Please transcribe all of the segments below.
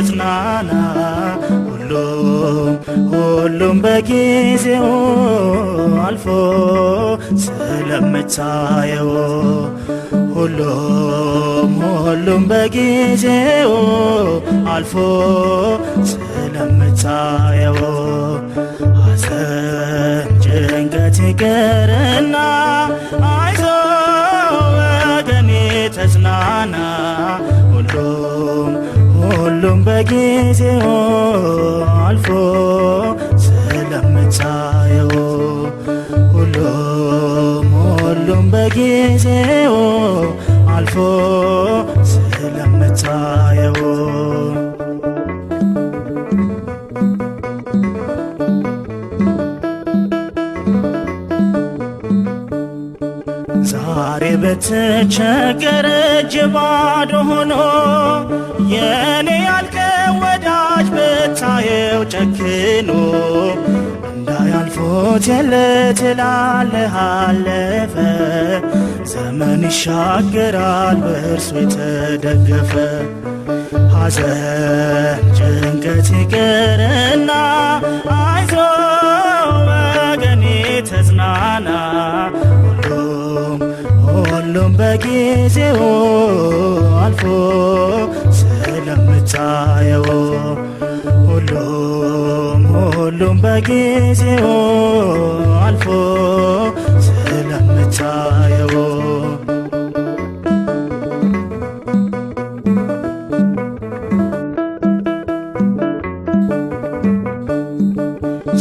ተጽናና ሁሉም ሁሉም በጊዜው አልፎ ስለምታየው ሁሉም ሁሉም በጊዜው አልፎ ስለምታየው ሐዘን ጭንቀት ይቅርና አይዞ ወገኔ ተጽናና ሁሉም ሁሉም በጊዜው አልፎ ስለምታየው ሁሉም ሁሉም በጊዜው አልፎ ስለምታየው ዛሬ በተቸገረ እጅ ባዶ ሆኖ የኔ ያልከ ወዳጅ በታየው ጨክኖ እንዳያልፎት የለ ትላለህ አለፈ ዘመን ይሻገራል በእርሱ የተደገፈ ሐዘን ጭንቀት ይቅርና አይዞ ወገኔ ተዝናና ሁሉም በጊዜው አልፎ ስለምታየው ሁሉም ሁሉም በጊዜው አልፎ ስለምታየው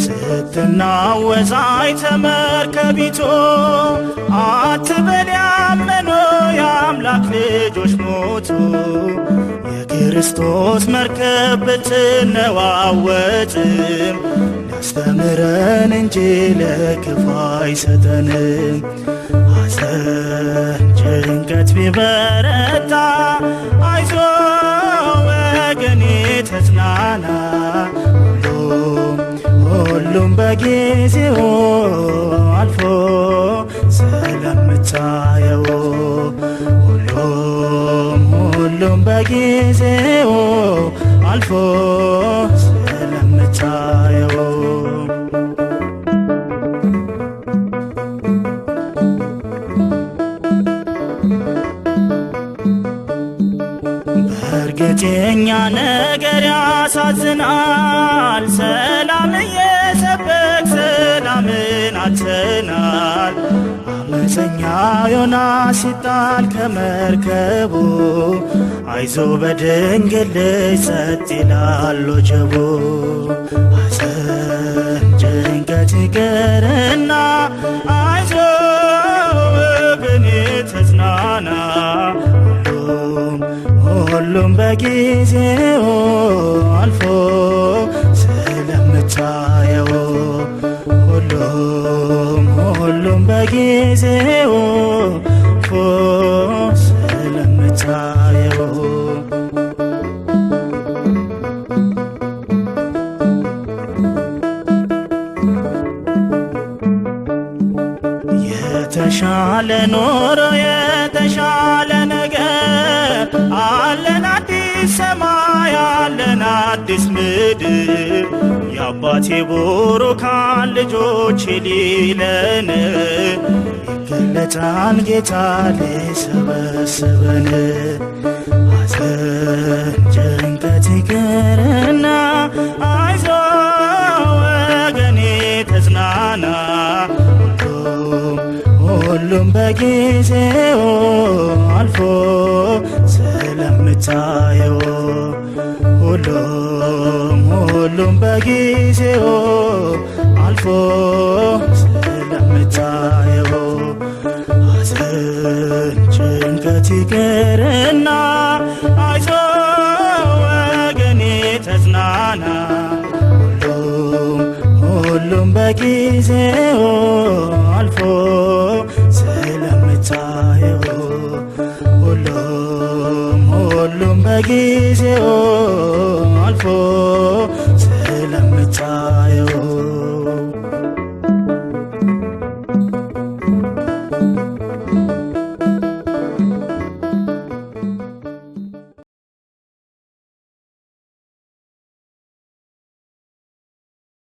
ስትናወዛይ ተመርከቢቶ አትበሊያ የክርስቶስ መርከብ ብትነዋወጥም ያስተምረን እንጂ ለክፉ አይሰጠንም። ሐዘን ጭንቀት ቢበረታ አይዞ ወገኔ ተጽናና ሁሉም በጊዜው አልፎ ስለምታ ጊዜው አልፎ ስለምታየው በእርግጥ ነገር ያሳዝናል። ሰላም እየሰበክ ሰላምን አጥተናል። አመፀኛ ዮናስ ሲጣል ከመርከቡ አይዞ በድንግል ልጅ ጸጥ ይላል ወጀቡ ሐዘን ጭንቀት ይቅርና አይዞ በቅኔ ተጽናና ሁሉም ሁሉም በጊዜው አልፎ ስለምታየው የተሻለ ኖሮ የተሻለ ነገር አለን አዲስ ሰማይ አለን አዲስ ምድር የአባቴ ቡሩካን ልጆች ሊለን ይገለጻል ጌታ ሊሰበስበን አዘን ጭንቀት ይገረ ሁሉም በጊዜው አልፎ ስለምታየው ሁሉም ሁሉም በጊዜው አልፎ ስለምታየው ሐዘን ጭንቀት ይቅርና አይዞ ወገኔ ተዝናና ሁሉም ሁሉም በጊዜው አልፎ ትንሣኤው ሁሉም ሁሉም በጊዜው አልፎ